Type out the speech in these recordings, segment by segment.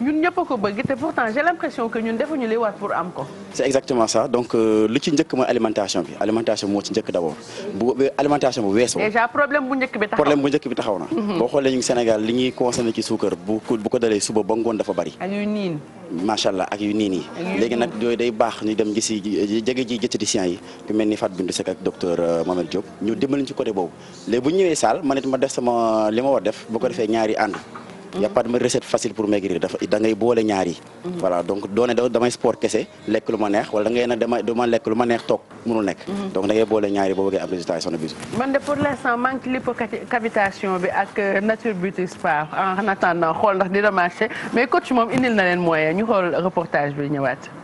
ñun ñëpp a ko bëgg te pourtant j'ai l'impression que ñun defuñu li war pour am ko. c'est exactement ça donc euh, lu ci njëkk mooy alimentation bi alimentation bi taxaw problème bu njëkk bi taxaw na. Mhm. boo xoolee ñu Sénégal li ñuy concerné suukar bu ko dalee suba ba ngoon dafa bari. ak allah ak yu niin yi. léegi nag yooyu day baax ñu dem gisi jege ji diététicien yi ku mel ni Fatou Bintou Seck ak docteur euh, Mamadou Diop ñu dimbali ci côté boobu léegi bu ñëwee y' a pas de recette facile pour maigrir dafa da ngay boole ñaar yi. Mhm. voilà donc damay sport kese lekk lu ma neex wala da lekk lu ma neex toog mënul nekk. Mhm. donc da boole ñaar yi boo bëggee am résultat yi man de pour l' instant manque lipocavitation bi ak euh, nature beauty spa en attendant xool ndax dina marché mais coach moom indil na leen moyen ñu xool reportage bi ñëwaat.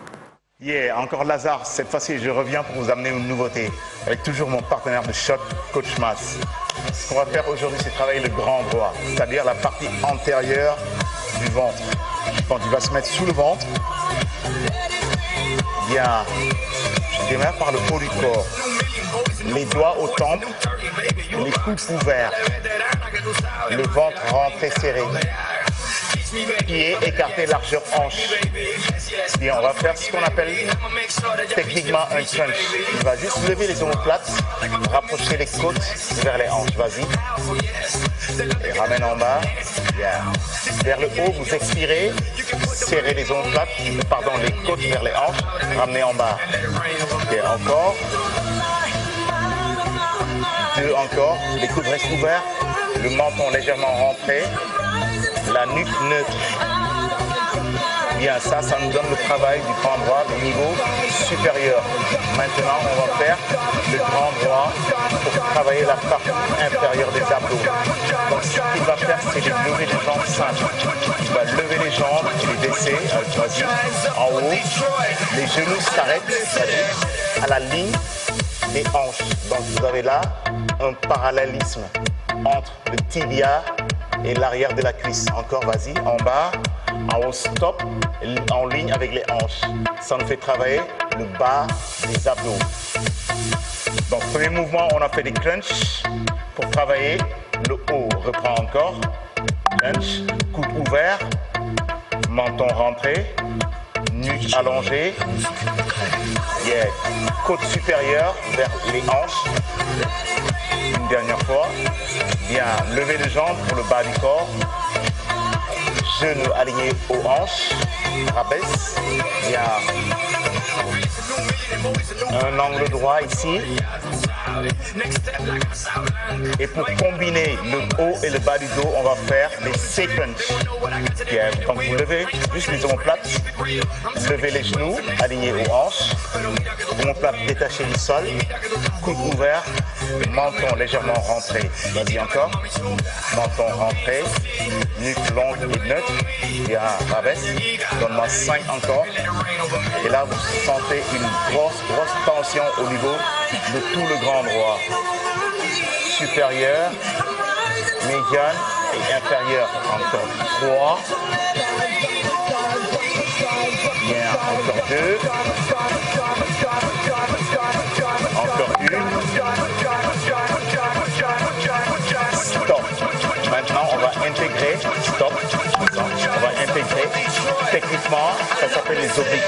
Yeah, encore Lazare, cette fois-ci je reviens pour vous amener une nouveauté avec toujours mon partenaire de shot, Coach Mas. Ce va faire aujourd'hui c'est travailler le grand droit, c'est-à-dire la partie antérieure du ventre. Quand il va se mettre sous le ventre, bien, je le ventre rentré serré. pied, écarté, largeur, hanche. Et on va faire ce qu'on appelle techniquement un crunch. Il va juste lever les omoplates, rapprocher les côtes vers les hanches. Vas-y. Et ramène en bas. Vers le haut, vous expirez, serrez les omoplates, pardon, les côtes vers les hanches, ramenez en bas. Et encore. Deux encore. Les coudes Le menton légèrement rentré. la nuit neutre. Bien, ça, ça nous donne le travail du grand droit au niveau supérieur. Maintenant, on va faire le grand droit pour travailler la partie inférieure des abdos. Donc, ce qu'il va faire, c'est de lever les jambes simples. va lever les jambes, les euh, Les genoux à la ligne des hanches. Donc, vous avez là un parallélisme entre le tibia et l'arrière de la cuisse. Encore, vas-y, en bas, en haut, stop, en ligne avec les hanches. Ça nous fait travailler le bas des abdos. Donc, premier mouvement, on a fait des crunchs pour travailler le haut. Reprends encore. Crunch, coude ouvert, menton rentré, nuque allongée. Yeah. Côte supérieure vers les hanches. Une dernière fois. Bien. Levez les jambes pour le bas du corps. Genoux alignés aux hanches. rabaisse. Il y a un angle droit ici. Et pour combiner le haut et le bas du dos, on va faire des sequences. Quand vous levez juste les omoplates, levez les genoux, alignés aux hanches, omoplates détachées du sol, coude ouvert, menton légèrement rentré. Vas-y encore. Menton rentré, nuque longue et neutre. Et un rabaisse. Donne-moi encore. Et là, vous sentez une grosse, grosse tension au niveau de tout le grand droit. Supérieur, médiane et inférieur. Encore 3. Bien, encore 2. exotique.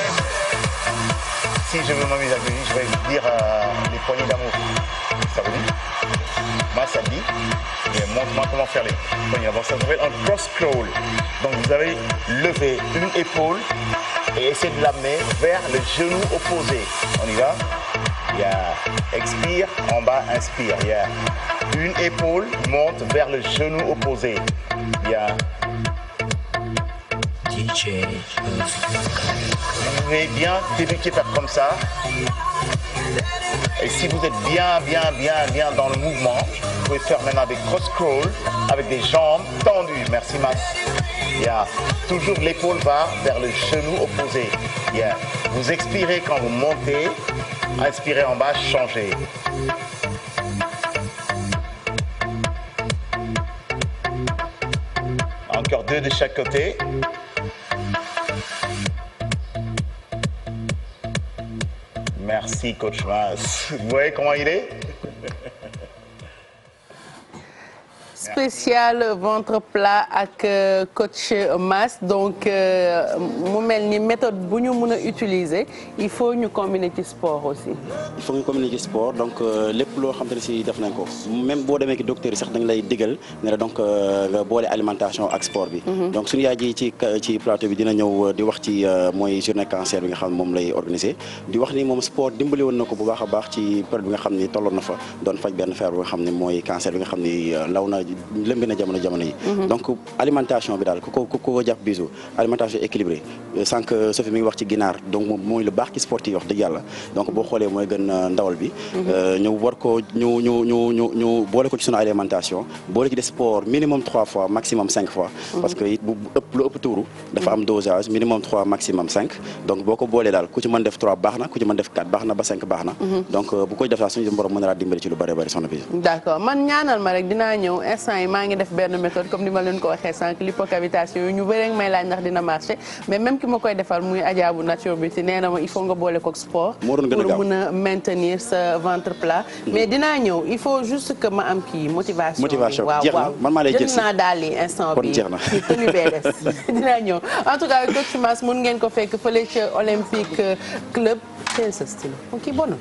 Si je veux m'amuser avec je vais dire euh, les poignées d'amour. Ça veut dire Moi, ça les poignées d'amour. Ça s'appelle un cross-crawl. Donc, vous allez lever une épaule et essayer de l'amener vers le genou opposé. en bas, Une épaule monte vers le genou opposé. j'ai. Vous voulez bien débuter par comme dans le mouvement, vous pouvez faire maintenant des cross-crawls avec des jambes tendues. Merci, Max. Toujours l'épaule va vers le genou opposé. Vous expirez quand vous montez, inspirez en bas, changez. Encore deux de chaque côté. Marcy Coach Vous voyez comment il est spécial ventre plat ak euh, coach masse donc euh, mu mel ni méthode bu ñu mën a utiliser il faut ñu combiner ci sport aussi. il euh, lépp loo xam ne si def nañ ko même boo demee ki docteur sax dañ lay digal ne donc nga boole alimentation ak sport bi. Mhm. suñu yaay ji ci ci plateau bi dina ñëw di wax ci mooy journée cancer bi nga xam ne moom lay organiser di wax ni moom sport dimbali woon na ko bu baax a baax ci période bi nga xam ni tolloon na fa doon faj benn feebar bi nga xam ne mooy cancer bi nga xam ni law na. ji lëmbi na jamono jamono yi mhm. donc alimentation bi daal ku ko ku ko jàpp bisu alimentation équilibrée euh, sànq Sophie mi ngi wax ci ginaar donc boo ko boolee daal ku ci mën def baax na ku ci mën def quatre baax na ba baax na mhm. donc euh, bu koy def daal na laa dimbali man ñaanal ma rek dinaa ñëw instant yi maa ngi def benn méthode comme ni ma leen ko waxee sànq lipocavitation yi ñu bëri may laaj ndax dina marché mais même ki ma koy defal muy ajaabu nature beauty nee na ma il faut nga boole ko sport pour mun a maintenir sa ventre plat mm-hmm. mais dinaa ñëw il faut juste que ma am kii motivation motivation waaw waaw man maa lay jël naa daal yi instant bi ci tenue bee des dinaa ñëw en tout cas coach Mass mun ngeen ko fekk fële ca olympique club c'est sa style kii bon